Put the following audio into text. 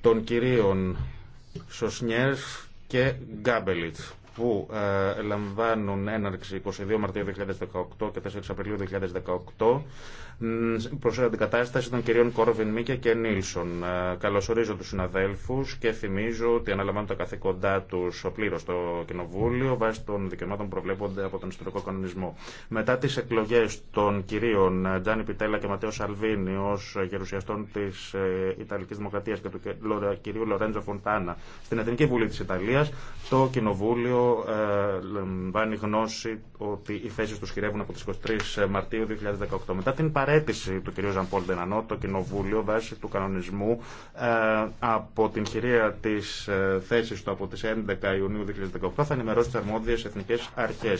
των κυρίων Σοσνιέρ και Γκάμπελιτς που ε, λαμβάνουν έναρξη 22 Μαρτίου 2018 και 4 Απριλίου 2018 προς αντικατάσταση των κυρίων Κόρβιν Μίκε και Νίλσον. Ε, καλωσορίζω τους συναδέλφους και θυμίζω ότι αναλαμβάνουν τα καθήκοντά τους πλήρως στο Κοινοβούλιο βάσει των δικαιωμάτων που προβλέπονται από τον ιστορικό κανονισμό. Μετά τις εκλογές των κυρίων ε, Τζάνι Πιτέλα και Ματέο Σαλβίνη ως γερουσιαστών της Ιταλικής Δημοκρατίας και του κυρίου Λορέντζο Φοντάνα στην Εθνική Βουλή τη Ιταλία, το Κοινοβούλιο βάνει γνώση ότι οι θέσει του χειρεύουν από τι 23 Μαρτίου 2018. Μετά την παρέτηση του κ. Ζανπόλ Ντενανό, το Κοινοβούλιο βάσει του κανονισμού ε, από την χειρία τη ε, θέση του από τι 11 Ιουνίου 2018 θα ενημερώσει τι αρμόδιε εθνικέ αρχέ.